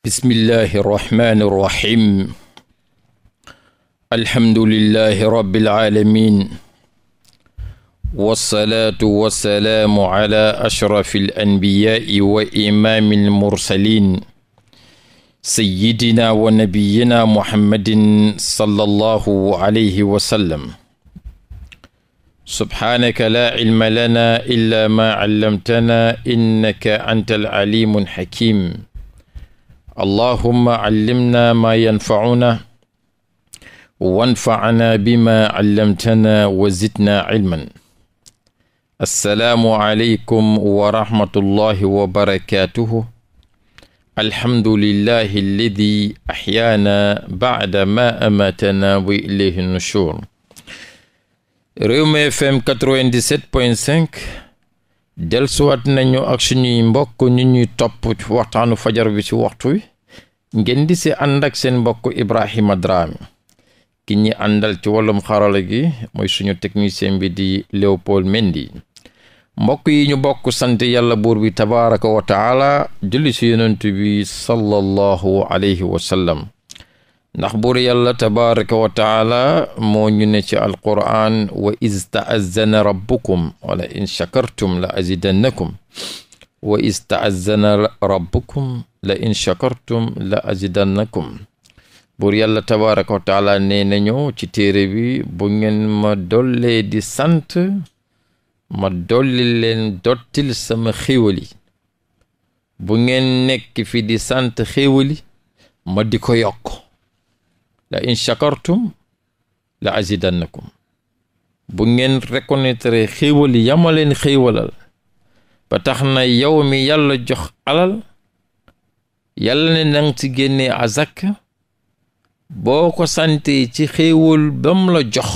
bismillahi irrahmani irrahim alhamdulillahi rabbil aalamin wassalaatu wassalaamu ala ashrafi alanbiyaai wa imaami almursalin sayyidina wa nabiyina muhammadin sallallahu alayhi wa sallam subhaanaka laa cilma lana illa ma callamtana innaka anta alcalimu alxakim allahumma callimna maa yanfacuna wanfacna bimaa callamtana wa zidna cilman assalaamu aleykum wa rahmatullahi wa barakaatuhu alhamdulillahi alladi axyaana bacda ma amatana wa ilayhi nushur Rewmi FM 97.5 delsuwaat nañu ak suñuy mbokk ñu ñuy topp waxtaanu fajar bi ci waxtu wi ngeen di si ànd seen mbokk Ibrahima Drame ki ñi àndal ci wàllum xarala gi mooy suñu technicien bi di Léopold Mendy mbokk yi ñu bokk sant yàlla buur bi tabaraka wa taala julli si yonent bi sallallahu alayhi wa ndax buur yàlla tabaraka wa taala moo ñu ne ci alquran wa iz taazana rabbukum wala in shakartum la azidannakum wa iz taazana rabbukum la in shakartum la azidannakum buur yàlla tabaraka wa taala ci téere bi bu ngeen ma dollee di sant ma dolli leen dottil sama xéwali bu ngeen nekk fi di sant xéwali ma di ko yokk la in shakartum la azidannakum bu ngeen reconnaître xéewal yi yama ba tax na yow mi yàlla jox alal yàlla ne nang ci génnee azak boo ko santee ci xéewal bam la jox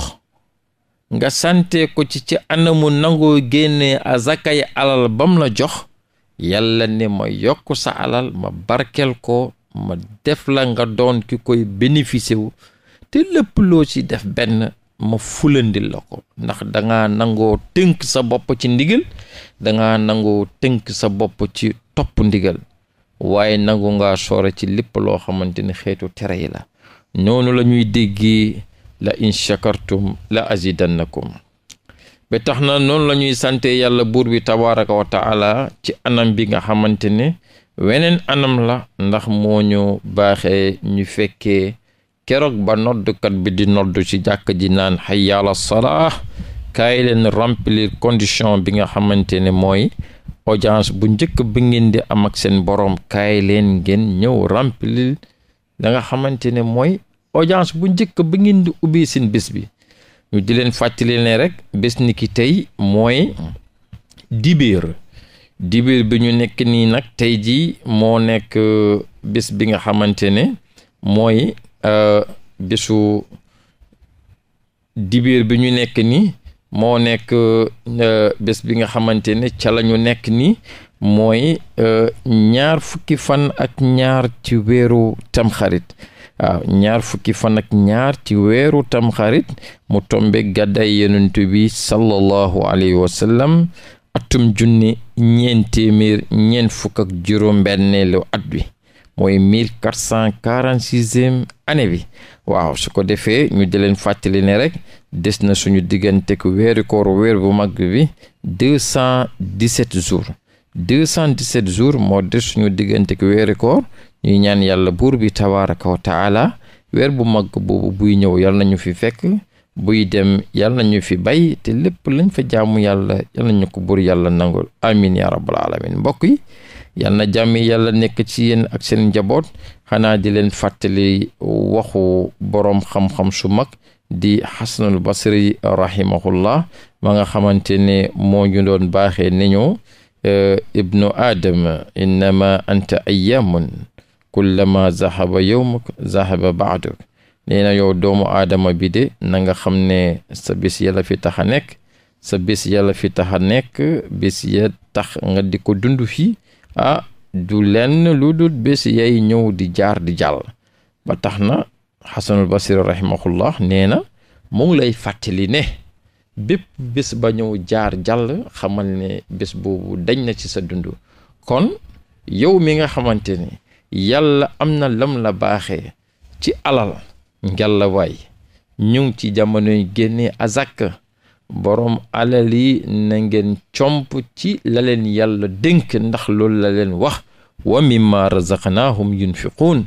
nga sante ko ci ci anamu nangoo génne azakay alal bam la jox yàlla ne ma yokk sa alal ma barkel ko ma def la nga doon ki koy bénéficier wu te lépp loo ci def benn ma fulandil la ko ndax danga nangoo tënk sa bopp ci ndigal dangaa nangoo tënk sa bopp ci topp ndigal waaye nangu nga sore ci lépp loo xamante ni xeetu tere yi la noonu la ñuy déggee la in shakartum la azidannakum ba tax na noonu la sante yàlla buur bi tabaraka wa ci anam bi nga xamante ne weneen anam la ndax moo ñu baaxee ñu fekkee keroog ba noddkat bi di noddu ci jàkk ji naan hayya ala salaa kaay leen remplir condition bi nga xamante ne mooy audience bu njëkk bi ngeen di am ak seen boroom kaay leen ngeen ñëw remplir la nga xamante ne mooy audience bu njëkk bi ngeen di ubbi seen bés bi ñu di leen fàttali ne rek bés ni ki tey mooy dibéer dibir bi ñu nekk nii nag tey jii moo nekk euh, bés bi nga xamante ne mooy euh, bésu dibir bi ñu nekk ni moo nekk euh, bés bi nga xamante ne ca la ñu nekk ni mooy ñaar fukki fan ak ñaar ci weeru tamxarit waaw ñaar fukki fan ak ñaar ci weeru tamxarit mu tombe gàddaay yenentu bi sallallahu alayhi wa atum junni ñeent téeméer ñeent fukk ak juróom benneelu at bi mooy mille quatre cent quarante sixième année bi waaw su ko defee ñu di leen fàttali ne rek des na suñu diggante ku weeri weer bu mag bi deux cent dix jours deux cent dix jours moo des suñu diggante ku weeri koor ñuy ñaan yàlla buur bi tabaaraka wa taala weer bu mag boobu buy ñëw yàlla nañu fi fekk buy dem yàlla ñu fi bay te lépp lañ fa jaamu yàlla yàlla ñu ko buur yàlla nangul amin ya rabbal alamin mbokk yi yàlla na jàmm yàlla nekk ci yéen ak seen njaboot xanaa di leen fàttali waxu borom xam-xam su mag di xasanul basri rahimahullah ma nga xamante ne moo ñu doon baaxee ni ñu ibnu aadama innama anta ayyamun kullama zahaba yowmuk zahaba baaduk nee na yow doomu aadama bi de na nga xam ne sa bis yàlla fi tax a nekk sa bés yàlla fi tax a nekk bés ya tax nga di ko dund fii ah du lenn lu dul bis yay ñëw di jaar di jàll ba tax na xasanul basir rahimahullah nee na mu ngi lay fàttali ne bépp bés ba ñëw jaar jàll xamal ne bés boobu dañ na ci sa dund kon yow mi nga xamante ne yàlla am na lam la baaxee ci alal ngelawaay ñu ngi ci jamonoy génne azak boroom alal yi na comp ci la leen yàlla dénk ndax loolu la leen wax wa mimma razaqnaahum yunfiquun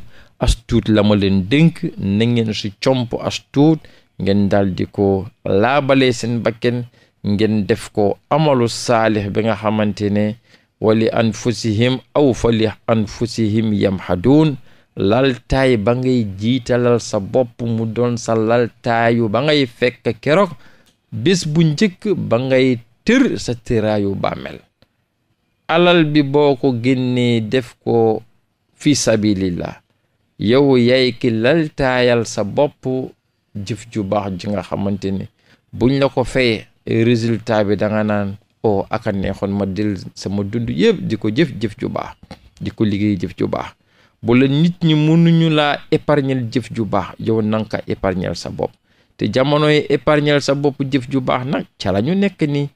astuut la ma leen dénk na ngeen si comp astuut ngeen daal di ko laabalee seen bakken ngeen def ko amalu saalix bi nga xamante ne wali anfusihim aw fa li anfusihim yamhaduun laltaay ba ngay jiitalal sa bopp mu doon sa laltaayu ba ngay fekk keroog bés bu njëkk ba ngay tër sa tëraayu bàmmeel alal bi boo ko génnee def ko fi la yow yay ki laltaayal sa bopp jëf ju baax ji nga xamante ne buñ la ko fay résultat bi danga naan o oh, aka neexoon ma del sama dund yëpp di ko jëf jëf ju baax di ko liggéey jëf ju baax bu la nit ñi mënuñu laa épargnel jëf ju baax yow na nga sa bopp te jamono yi épargnel sa bopp jëf ju baax nag ca la ñu nekk nii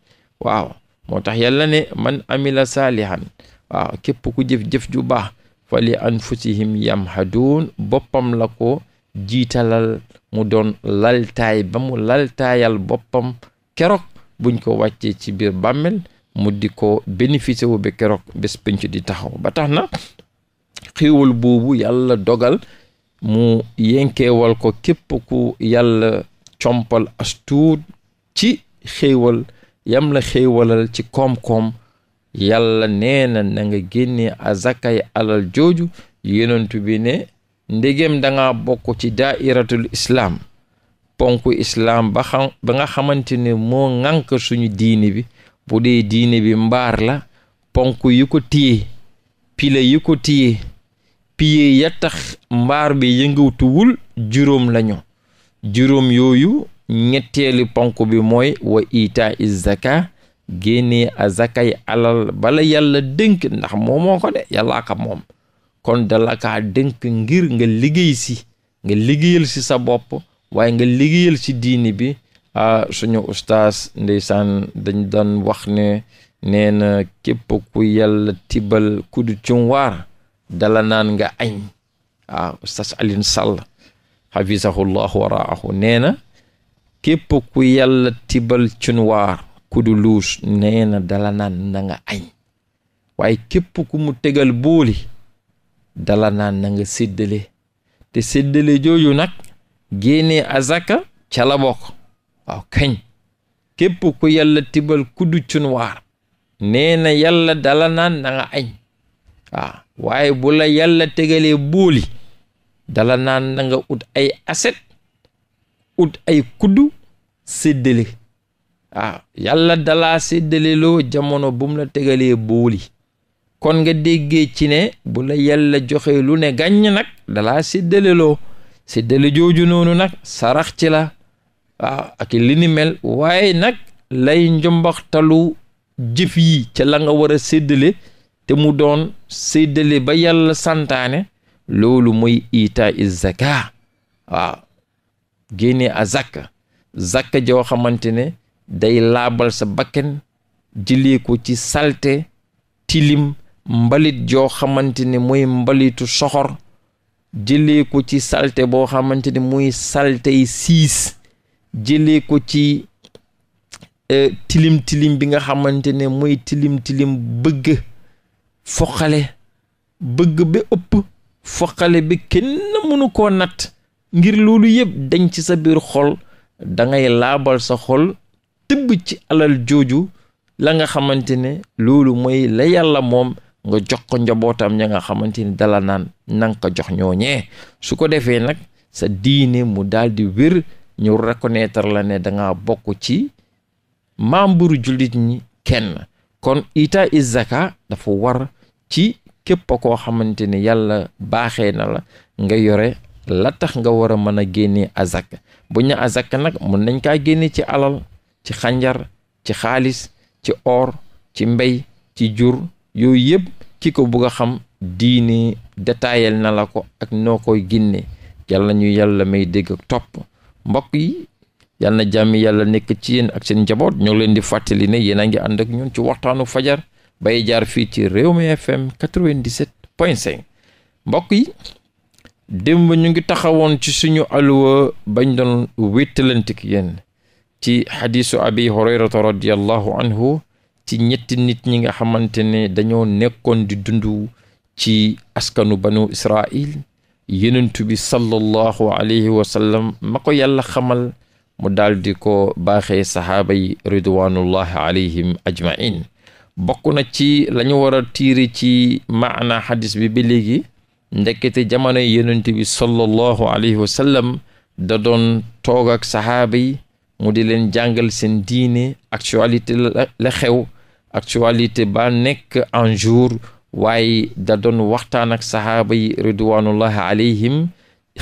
waaw moo tax yàlla ne man amila saalihan waaw képp ku jëf-jëf ju baax fali anfusihim yamhaduun boppam la ko jiitalal mu doon laltaay ba mu laltaayal boppam keroog buñ ko wàccee ci biir bàmmel mu di ko bénéficié wu ba keroog bés penc di taxaw ba tax na xéewal boobu yàlla dogal mu yenkeewal ko képp ku yàlla compal astuut ci xéewal yam la xéewalal ci koom-koom yàlla nee na na nga génnee azakay alal jooju yonent bi ne ndegem danga bokk ci daairatul islaam ponku islaam ba nga xamante ne moo ŋànk suñu diine bi bu dee diine bi mbaar la ponk yu ko téye pile yu ko téye piye ya tax mbaar bi yëngawtuwul juróom lañu juróom yooyu ñetteelu ponk bi mooy wa ita izaka génnee azakay alal bala yàlla dënk ndax moomoo ko de yàllaa ka moom kon dala kaa dënk ngir nga liggéey si nga liggéeyal si sa bopp waaye nga liggéeyal si diini bi suñu ustaas ndeysaan dañ daan wax ne nee na képp ku yàlla tibal kudu cunwaar dala naan nga añ waaw ah, Oustaz Alioune Sall xafisahullahu waraahu nee na képp ku yàlla tibal cunwaar ku du luus nee dala naan nanga añ waaye képp ku mu tegal booli dala naan na nga séddale te seddale jooju nag génnee azaka ca la bokk waaw kañ képp ku yàlla tibal ku du cunwaar nee yàlla dala naan na añ waaw ah. waaye bu la yàlla tegalee booli dala naan na ut ay aset ut ay kuddu séddale waaw ah, yàlla dalaa séddale loo jamono bu mu la tegalee booli kon nga déggee ci ne bu la yàlla joxe lu ne gàññ nag dala séddale loo séddale jooju noonu nag sarax ci la waaw ah, ak li mel waaye nag lay njombaxtalu jëf yi ca la nga war a séddale te mu doon séddale ba yàlla santaane loolu mooy ita izaka waaw génne a zakka zakka joo xamante ne day laabal sa bakken jëlee ko ci salte tilim mbalit joo xamante ne mooy mbalitu soxor jëlee ko ci salte boo xamante ne muy saltey siis jëlee ko ci eh, tilim tilim bi nga xamante ne mooy tilim tilim bëgg foqale bëgg ba ëpp foqale bi kenn mënu koo natt ngir loolu yëpp dañ ci sa biir xol dangay laabal sa xol tëbb ci alal jooju la nga xamante ne loolu mooy la yàlla moom nga jox ko njabootam ña nga xamante ni dala naan nanga ko jox ñooñee su ko defee nag sa diine mu daldi di wér ñu rekoneetar la ne danga bokk ci membre jullit ñi kenn kon ita is dafa war ci képp koo xamante ne yàlla baaxe na la nga yore la tax nga war a mën a génnee azak bu ñu azak nag mun nañ kaa génne ci alal ci xànjar ci xaalis ci or ci mbey ci jur yooyu yëpp ci ko bugg xam diine détaayel na la ko ak noo koy génne yàlla ñu yàlla may dégg ak topp mbokk yi yàlla na jàmmi yàlla nekk ci yéen ak seen njaboot ñoo leen di fàttali ne yéen a ngi ànd ak ñun ci waxtaanu fajar bay jaar fii ci réew Rewmi FM 97.5 mbokk yi démb ñu ngi taxawoon ci suñu aluwa bañ doon wéttalantik yéen ci xadiisu abi hurayrata radiallahu anhu ci ñetti nit ñi nga xamante ne dañoo nekkoon di dund ci askanu banu israil yenentu bi sallallahu alayhi wa ma ko yàlla xamal mu daal di ko baaxee saxaaba yi ridwanullahi alayhim ajmain bokk na ci lañu war a tiiri ci maana xadis bi ba léegi ndekkete jamono yonent bi sallallahu alayhi wa sallam da doon toog ak saxaaba mu di leen jàngal seen diine actualité la xew ba nekk en jour waaye da doon waxtaan ak saxaaba yi ridwanullahi alayhim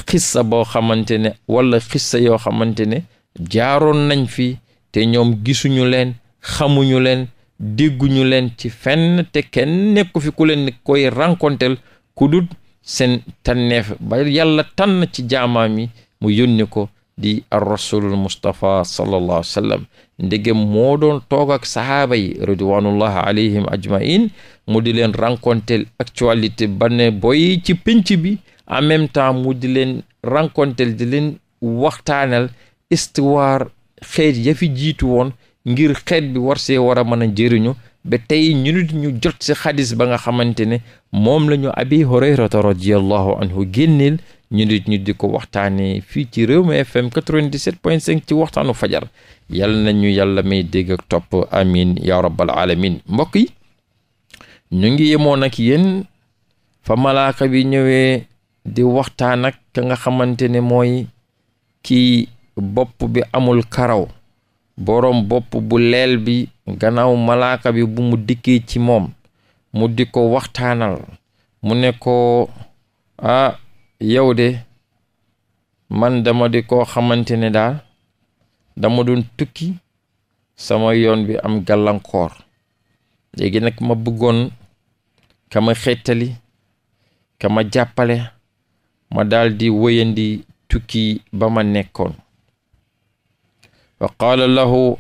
xissa boo xamante ne wala xissa yoo xamante ne jaaroon nañ fi te ñoom gisuñu leen xamuñu leen dégguñu leen ci fenn te kenn nekku fi ku leen koy rencontrel ku dut seen tànneef ba yàlla tànn ci jaamaam yi mu yónni ko di ar rasulul mustapha sallallahu sallam ndegem moo doon toog ak sahaaba yi ridwanullah alayhim ajmain mu di leen rencontrel actualité ba ne boy ci pénc bi en même temps mu di leen rencontrel di leen waxtaanal histoire xeet ya fi jiitu woon ngir xeet bi war see war a mën a jëriñu ba tey ñu ñu jot si xadis ba nga xamante ne moom lañu ñu abi hurayrata radiallahu anhu génneel ñu nit ñu di ko waxtaanee fii ci réew mi fm 97.5 ci waxtaanu fajar yal nañu yàlla may dégg ak topp amin ya rabbal alamin mbokk yi ñu ngi yemoon ak yéen fa malaaka bi ñëwee di waxtaan ak ka nga xamante ne mooy kii bopp bi amul karaw boroom bopp bu leel bi gannaaw malaaka bi bu mu dikkee ci moom mu di ko waxtaanal mu ne ko ah yow de man dama di koo xamante ne daal dama doon tukki sama yoon bi am gàllankoor léegi nag ma bëggoon ka ma xettali ka ma jàppale ma daldi woyandi tukki ba ma nekkoon wa qaala lahu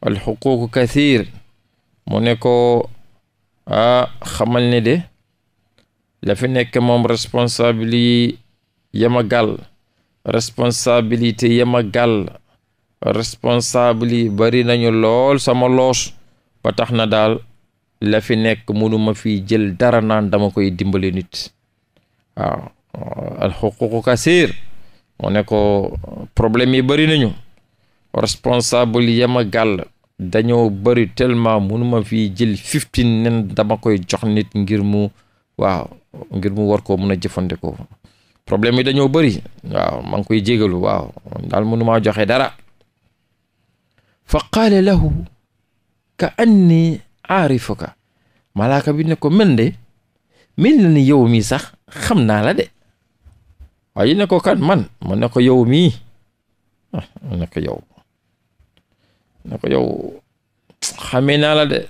alxuququ kathir mu ne ko a xamal ne de la nekk moom responsabili yama gàll responsabilité yama gàll yi bari nañu lool sama loos ba tax na daal la fi nekk mënuma fi jël dara naan dama koy dimbali nit waaw alxuququ kathir mu ne ko problème yi bari nañu responsable yama gàll dañoo bari tellement mënuma fi jël fifteen nen dama koy jox nit ngir mu waaw ngir mu war koo mën a jëfandikoo problème yi dañoo bari waaw maa ngi koy jégalu waaw daal mënumaa joxe dara fa qaala lahu ka anni aarifuka malaaka bi ne ko mel de mel na ni yow mii sax xam naa la de waaye ne ko kan man ma ne ko yow mii ah ne ko yow ne ko yow xamee naa la de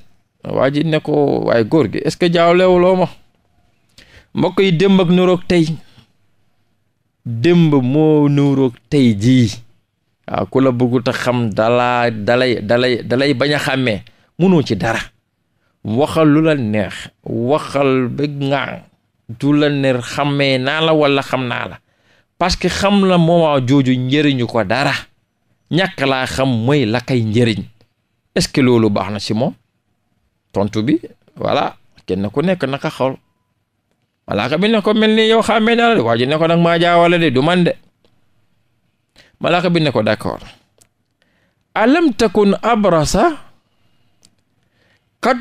waa ji ne ko waaye góor gi est-ce que jaawlewuloo ma mbokk yi démb ak nuroog tey démb moo nurook tey jii waaw ku la bëggut a xam dalaa dalay dalay dalay bañ a xàmmee munoo ci dara waxal lu la neex waxal ba ŋaa du la neex xammee naa la wala xam naa la parce que xam la moomaa jooju njëriñu ko dara ñàkk laa xam mooy la njëriñ est loolu baax na si moom tontu bi voilà kenn ku nekk naka xool malaaka bi ne ko mel ni yow xàmmee dara de waa ji ne ko de du man de malaaka bi ne ko d'accord alam takun abrasa qad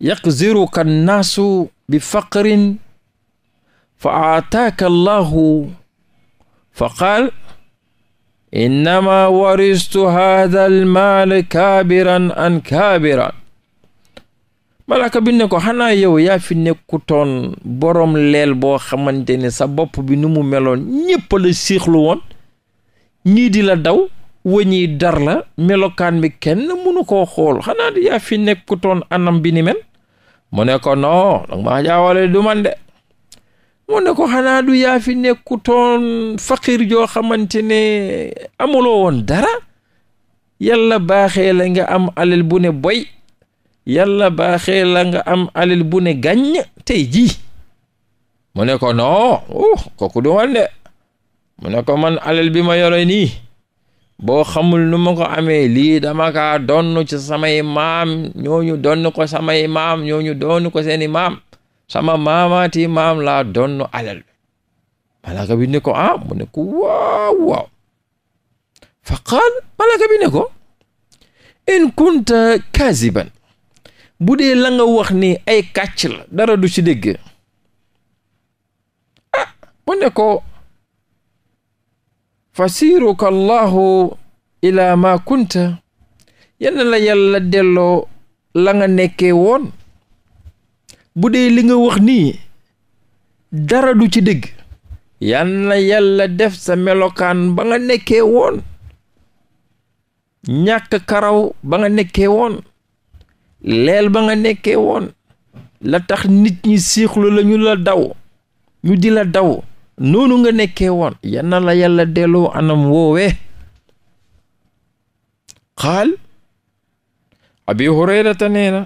yaqziruka annaasu bi faqrin fa aataaka allahu fa qaal innama waristu hada almaal kaabiran an kaabiran malaka bi ne ko xanaa yow yaa fi nekkutoon borom leel boo xamante ne sa bopp bi nu mu meloon ñépp la siixlu woon ñii di la daw wañiy dar la melokaan bi kenn mënu koo xool xanaa yaa fi nekkutoon anam bi ni mel mu ne ko non danga maa jaawale du man de mu ko xanaa du yaa fi nekkutoon faqir joo xamante ne amuloo woon dara yalla baaxee la nga am alal bu ne boy yalla baaxee la nga am alel bu ne gàññ tey jii mu ne ko non uh kooku du man mu ne ko man alal bi ma yore nii boo xamul nu ma ko amee lii dama kaa donn ci samay maam ñooñu donn ko samay maam ñooñu donn ko seeni maam sama maamaati maam laa donn alal bi bi ne ko ah mu ko waaw waaw fa qaal malaka bi ne in kunta kaziban bu dee la nga wax ni ay kàcc la dara du ci dégg ah ko fa allahu ila ma kunta yenn la delloo la nga nekkee woon bu dee li nga wax nii dara du ci dëgg yal na yàlla def sa melokaan ba nga nekkee woon ñàkk karaw ba nga nekkee woon leel ba nga nekkee woon la tax nit ñi siixlu lañu la daw ñu di la daw noonu nga nekkee woon yal na la yàlla delloo anam woowe xaal abi hurayrata nee na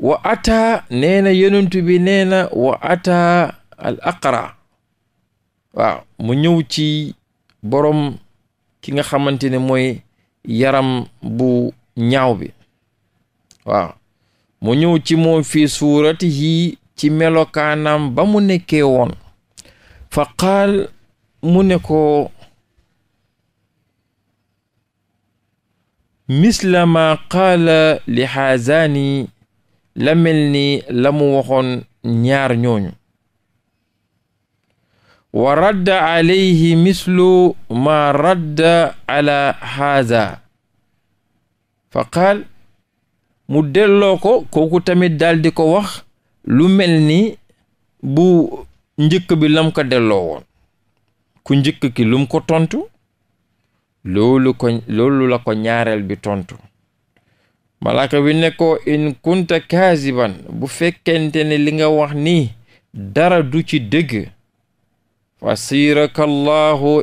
wa ata neena na bi neena wa ata al aqra waaw mu ñëw ci borom ki nga xamante ne mooy yaram bu ñaaw bi waaw mo ñëw ci moom fii suuratihi ci melokaanam ba mu nekkee woon fa qaal mu ne ko misla ma qaala li la mel ni la waxoon ñaar ñooñu wa radda alayhi mislu ma radda ala haza fa qaal mu delloo ko kooku tamit daldi ko wax lu mel ni bu njëkk bi lam ko delloo woon ku njëkk ki lum ko tontu loolu la ko ñaareel bi tontu malaaka bi ne ko in kunta kaasiban bu fekkente ne li nga wax ni dara du ci dëgg fa siiraka allahu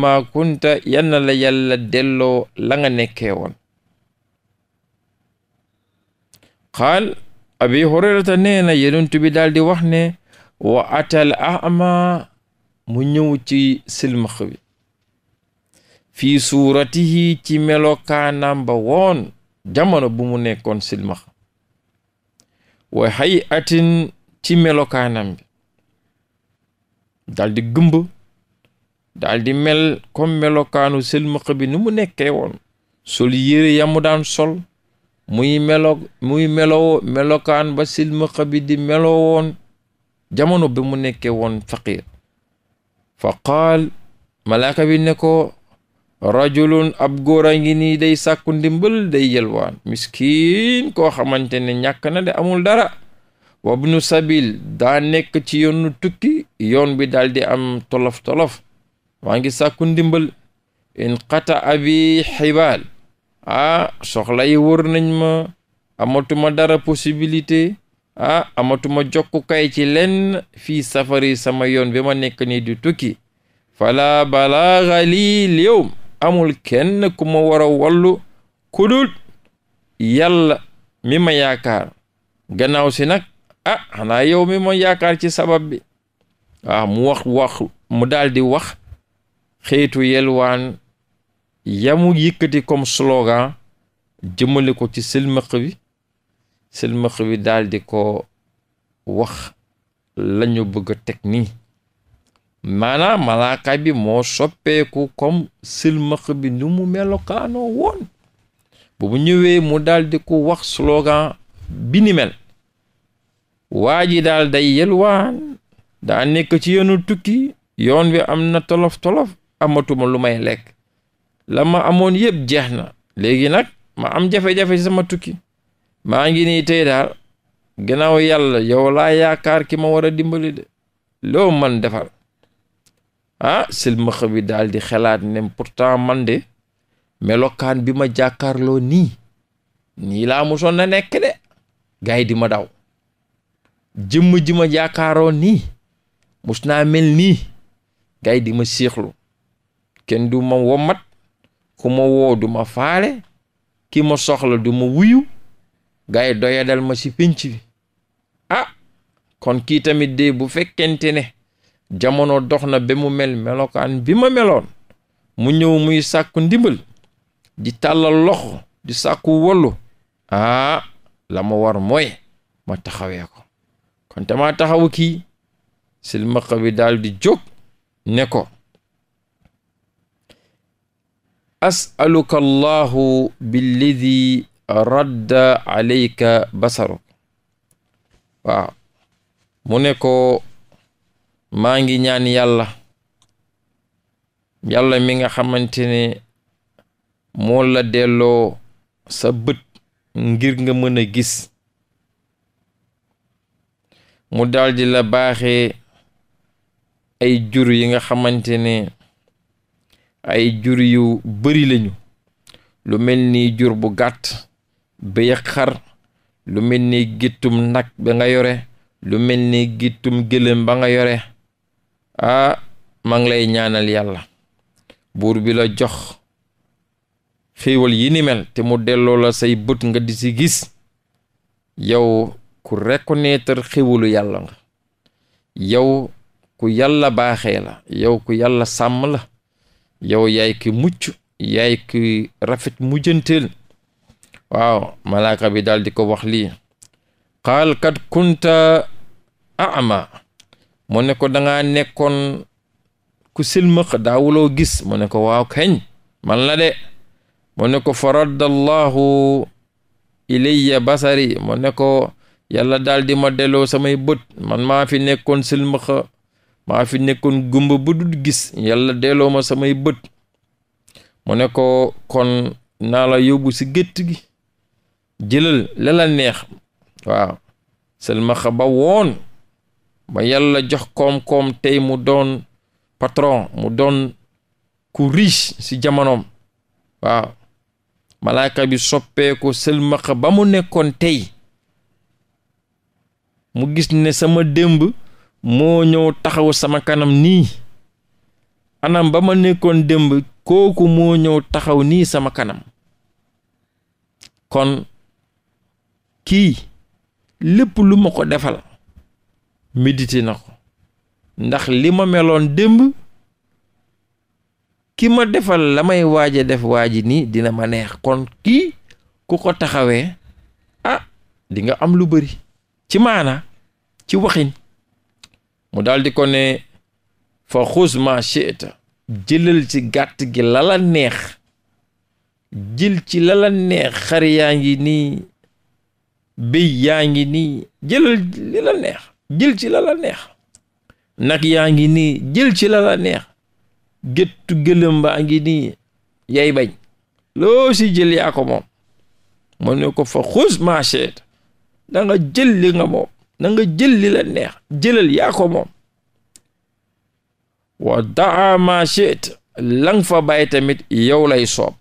ma kunta yan na la delloo la nga nekkee woon qaal abi hurayrata nee na yenentu bi daldi wax ne wa atal ama mu ñëw ci silmax bi fii suuratihi ci melokaanam ba woon jamono bi mu nekkoon silmax wa hay atin ci melokaanam bi daldi gëmb daldi mel comme melokaanu silmax bi ni mu nekkee woon sol yére ya mu daan sol muy melo muy meloo melokaan ba silmax bi di meloo woon jamono bi mu nekkee woon faqir fa qaal malaaka bi ne rajulun ab góor a ngi nii day sàkku ndimbal day yelwaan miskiin koo xamante ne ñàkk na de amul dara nu sabil daa nekk ci yoonu tukki yoon bi daal di am tolof-tolof waa ngi sàkku ndimbal in qata abi xibaal ah soxla yi wër nañ ma amatuma dara possibilité ah amatuma jokkukaay ci lenn fii safari sama yoon bi ma nekk ni du tukki fala balaaga lii l amul kenn ku ma war a wallu kudul yàlla mi ma yaakaar gannaaw si nag ah xanaa yow mi ma yaakaar ci sabab bi waaw ah, mu wax wax mu daldi wax xeetu yelwaan yamu yëkkati kom slogan jëmale ko ci silmaq bi silmaq wi daldi ko wax lañu bëgg a teg nii maanaam malaaka bi moo soppeeku kom silmax bi nu mu melokaanoo woon bu mu ñëwee mu daldi di ko wax slogan bi mel waa ji daal day yelwaan daa nekk ci yoonu tukki yoon wi am na tolof-tolof amatuma lu may lekk la ma amoon yëpp jeex na léegi nag ma am jafe-jafe sama tukki maa ngi nii tey daal gannaaw yàlla yow laa yaakaar ki ma war a dimbali de loo man defal ah silmaxa bi daal di xelaat ne pourtant man de melokaan bi ma jàkkaarloo nii nii laa mosoon na nekk de gars di ma daw jëmm ji ma jàkkaaroo nii mus naa mel ni gars yi di ma siixlu kenn du ma womat ku ma woo ma faale ki ma soxla du ma wuyu gars doyadal ma ci pénc bi ah, kon kii tamit de bu fekkente ne jamono dox na ba mu mel melokaan bi ma meloon mu ñëw muy sàkku ndimbal di tàllal loxo di sàkku wollu ah la ma war mooy ma taxawee ko kon te maa taxawu kii silmaxa bi daldi di jóg ne ko asaluka allahu billadi radda alayka basaruk waaw mu ne ko maa ngi ñaan yàlla yàlla mi nga xamante ne moo la delloo sa bët ngir nga mën a gis mu daldi la baaxe ay jur yi nga xamante ni ay jur yu bari lañu lu mel ni jur bu gàtt bëy ak xar lu mel ni gittum nag ba nga yore lu mel ni gittum gëléem ba nga yore ah maa lay ñaanal yàlla buur bi la jox xéewal yi ni mel te mu delloo la say bët nga di si gis yow ku reconnaître xéewalu yàlla nga yow ku yàlla baaxee la yow ku yàlla sàmm la yow yaay ki mucc yaay ki rafet mujjanteel waaw malaaka bi daal di ko wax lii qaal kat kunta ama mu ne ko dangaa nekkoon ku silmaq daawuloo gis mu ne ko waaw keñ man la de mu ne ko faraddallahu ilayya basari mu ne ko yàlla daal ma delloo samay bët man maa fi nekkoon silmaxa maa fi nekkoon gumba bu dul gis yàlla delloo ma samay bët mu ne kon naa la yóbbu si gétt gi jëlal la neex waaw silmaxa ba woon ba yàlla jox koom-koom tey mu doon patron mu doon ku riche ci jamonoom waaw malaaka bi soppeeku sëlmaxa ba mu nekkoon tey mu gis ne sama démb moo ñëw taxaw sama kanam nii anam ba ma nekkoon démb kooku moo ñëw taxaw nii sama kanam kon kii lépp lu ma ko defal médité na ko ndax li ma meloon démb ki ma defal la may waaj a def waaji nii dina ma neex kon kii ku ko taxawee a ah, dinga am lu bari ci maana ci waxin mu daldi ko ne fa xus ma chita jëlal ci gàtt gi la neex jël ci la la neex xar yaa ngi nii béy yaa ngi nii jëlal li neex jël ci la la neex nag yaa ngi nii jël ci la la neex géttu gëlëm baa ngi nii yay bañ loo si jël yaa ko moom mu ne ko fa xus macheet da nga jël li nga moom da jël li la neex jëlal yaa ko moom wa daa macheet lang fa bàyyi tamit yow lay soob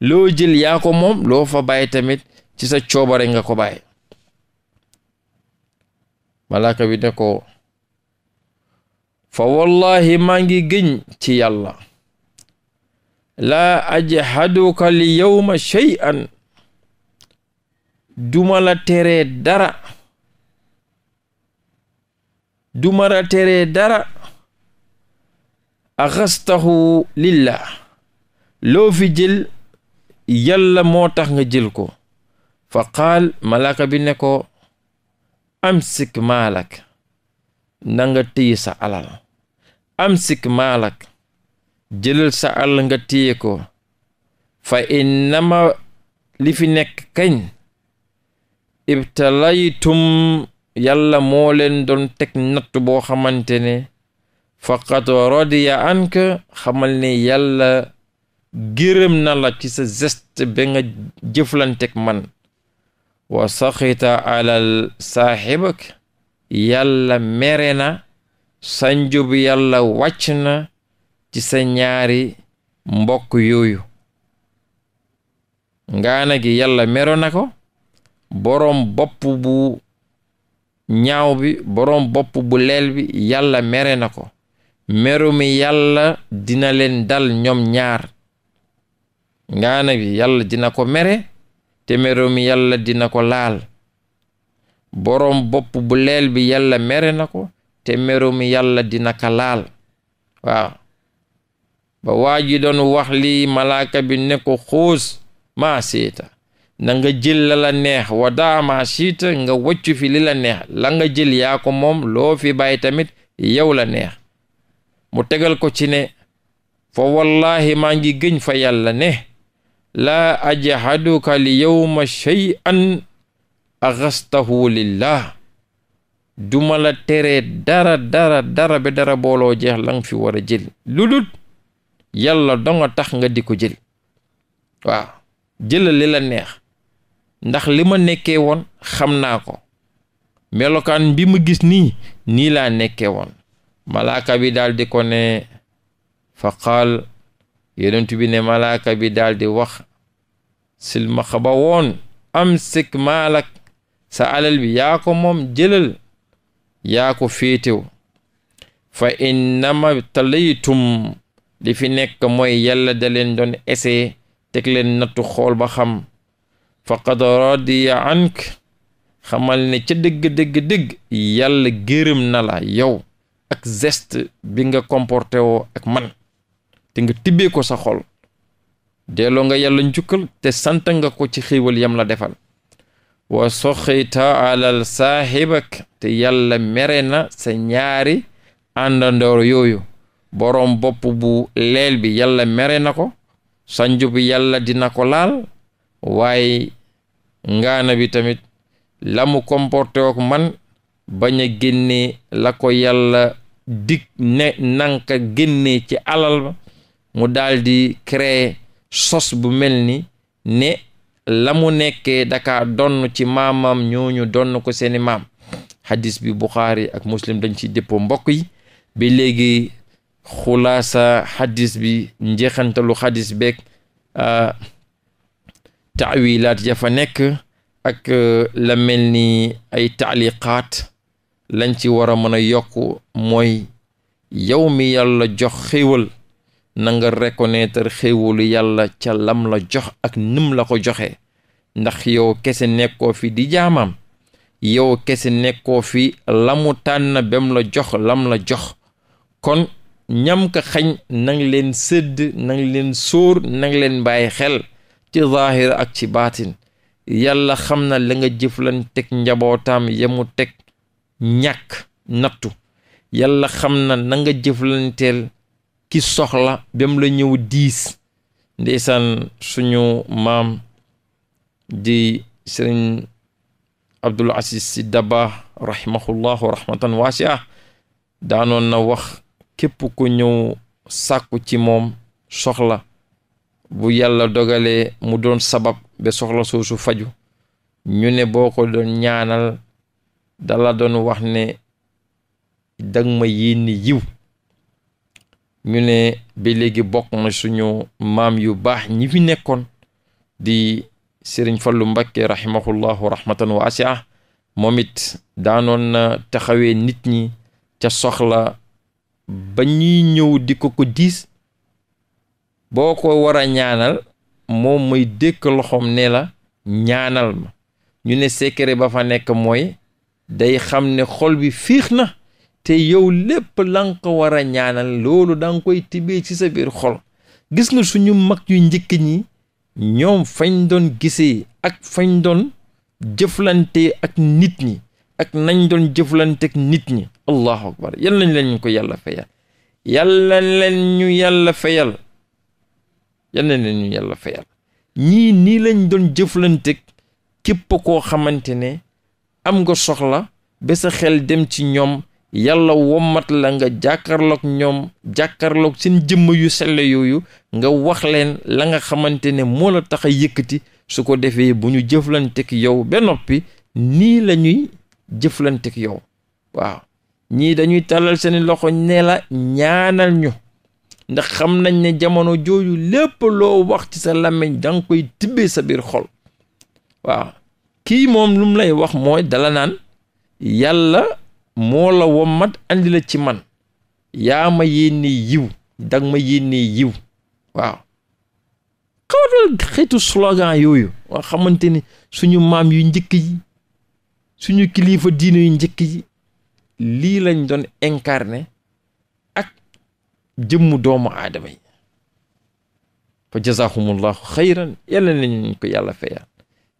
loo jël yaa ko moom loo fa bàyyi tamit ci sa coobare nga ko bàyyi malaaka bi ne ko fa wallahi maa ngi gëñ ci yàlla laa ajhaduka li yawma shay'an duma la teree dara duma la teree dara axastahu lillah loo fi jël yàlla moo tax nga jël ko fa qaal malaaka bi ne ko amsik maalak na nga sa alal amsik maalak jëlal sa alal nga téye ko fa innama li fi nekk kañ ibtalaytum yàlla moo leen doon teg natt boo xamante ne faqat radiya anka xamal ne yàlla gërëm na la ci sa geste ba nga jëflanteeg man wa saxita alal saaxibak yàlla mere na sanjub yàlla wàcc na ci sa ñaari mbokk yooyu ngaana gi yàlla mero na ko boroom bopp bu ñaaw bi boroom bopp bu leel bi yàlla mere na ko meru mi yàlla dina leen dal ñoom ñaar ngaana bi yàlla dina ko mere te merum dina ko laal boroom bopp bu leel bi yàlla mere na ko te merum yàlla dina ko laal waaw ba waa ji doon wax lii malaaka bi ne ko xuus maa siita na nga jil la neex wa daa siita nga waccu fi li neex la nga jël yaa moom loo fi bàyyi tamit yow la neex mu tegal ko ci ne fa wallaahi maa ngi gëñ fa yàlla ne laa ajhaduka li yowma shay'an axastahu lillah duma la teree dara dara dara ba dara booloo jeex la fi war a jël lu dul yàlla donga tax nga di ko jël waaw jëlal li la neex ndax li ma nekkee woon xam naa ko melokaan bi ma gis nii nii laa nekkee woon malaaka bi di ko ne faqaal yonent bi ne malaaka bi daldi wax silmaxa ba woon am sik maalak sa alal bi yaa moom jëlal yaa ko féetew fa innama talaytum li fi nekk mooy yàlla da leen doon ese teg leen nattu xool ba xam faqad radiya ank xamal ne ca dëgg-dëgg-dëgg yàlla gërëm na la yow ak geste bi nga comporté woo ak man te nga tibbee ko sa xol delloo nga yàlla njukkal te sant nga ko ci xéewal yam la defal wa soxita alal saahibak te yàlla mere na sa ñaari àndandoor yooyu boroom bopp bu leel bi yàlla mere na ko sanju bi yàlla dina ko laal waaye ngaana bi tamit lamu mu comporté ak man bañ a la ko yàlla dig ne nanka génnee ci alal mu daldi di créer sos bu mel ni ne la mu nekkee daka donn ci maamam ñooñu donn ko seeni maam hadis bi Bukhari ak Muslim dañ ci déppoo mbokk yi ba léegi xulaasa hadis bi njeexantalu hadis beeg taawilaat ya nekk ak la mel ni ay taaliqaat lañ ci war a mën a yokk mooy yow mi yàlla jox xéewal nanga nga reconnaître xéewalu yàlla ca lam la jox ak nim la ko joxe ndax yow kese nekkoo fi di jaamam yow kese nekkoo fi lamu tànn bem la jox lam la jox kon ñam ka xañ nang leen sëdd nang leen sóor nang leen bàyyi xel ci zaahir ak ci baatin yàlla xam na la nga jëflanteeg njabootaam yamu teg ñàkk nattu yàlla xam na na nga jëflanteel ki soxla ba mu la ñëw diis ndeysaan suñu maam di sëriñ Abdul Aziz Si Dabaax rahimahullahu rahmatan waasia daanoon na wax képp ko ñëw sàkku ci moom soxla bu yàlla dogalee mu doon sabab ba soxla soosu faju ñu ne boo ko doon ñaanal dala doon wax ne dagma ma yénni yiw ñu ne ba léegi bokk na suñu maam yu baax ñi fi nekkoon di sëriñ Fallu Mbakke rahimahullahu rahmatan wa asia moom it daanoon na taxawee nit ñi ca soxla ba ñuy ñëw di ko ko diis boo ko wara ñaanal moom muy dékk loxoom ne la ñaanal ma ñu ne secret ba fa nekk mooy day xam ne xol bi fiix na te yow lépp la ko war a ñaanal loolu da koy tibbee ci sa biir xol gis nga suñu mag yu njëkk ñi ñoom fañ doon gisee ak fañ doon jëflante ak nit ñi ak nañ doon jëflante ak nit ñi allahu akbar yal leen ñu ko yàlla fayal yàlla leen ñu yàlla fayal yal nañ leen ñu yàlla ñii nii lañ doon jëflante képp koo xamante ne am nga soxla ba sa xel dem ci ñoom yàlla wommat la nga jàkkaarloog ñoom jàkkaarloog seen jëmm yu selle yooyu nga wax leen la nga xamante ne moo la tax a yëkkati su ko defee bu ñu jëflanteeg yow ba noppi nii lañuy ñuy yow waaw ñii dañuy tàllal seen loxo ne la ñaanal ñu ndax xam nañ ne jamono jooju lépp loo wax ci sa làmmiñ danga koy tibbee sa biir xol waaw kii moom lu mu lay wax mooy dala naan yàlla moo la wommat andi la ci man yaa ma yéene yiw dag ma yéene yiw waaw xawatal xeetu slogan yooyu waa xamante ni suñu maam yu njëkk yi suñu kilifa diine yu njëkk yi lii lañ doon incarné ak jëmm doomu aadama yi fa jazakumullahu xayran yàlla nañ ko yàlla fayal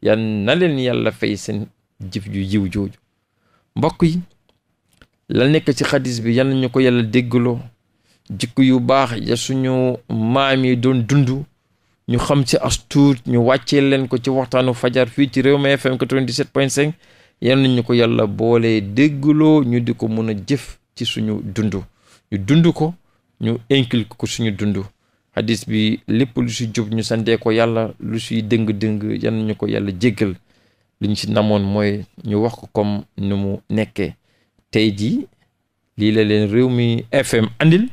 yal na leen yàlla fay seen jëf ju yiw jooju mbokk yi la nekk ci xadis bi yan nañu ko yàlla déggloo jikko yu baax ya suñu maam yi doon dund ñu xam ci as ñu wàccee leen ko ci waxtaanu fajar fii ci réew mi FM 97.5 yal ñu ko yàlla boole déggloo ñu di ko mun a jëf ci suñu dund ñu dund ko ñu inculque ko suñu dund xadis bi lépp lu si jub ñu santee ko yàlla lu siy dëng-dëng yal nañu ko yàlla jéggal li ñu si namoon mooy ñu wax ko comme ni mu nekkee tey jii lii la leen réew mi FM andil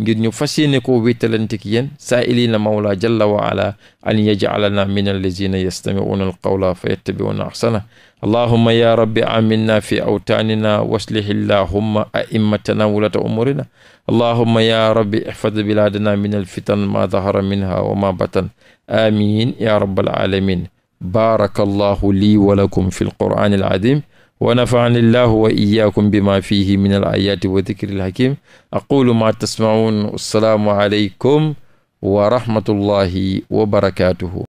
ngir ñu fas yéene koo wéttalantik yéen saa ilina mawla jalla wa ala an yaj'alana min allazina yastami'una alqawla fa yattabi'una ahsana allahumma ya rabbi aminna fi awtanina waslih allahumma a'immatana wulata umurina allahumma ya rabbi ihfad biladana min alfitan ma dahara minha wa ma batan amin ya rabbal alamin بارك الله لي ولكم في القرآن العظيم wa nafaani llahu wa iyaakum bima fihi min al ayaati wa dikri al hakim aqulu ma tasmaun assalaamu aleykum wa rahmatullahi wa barakatuhu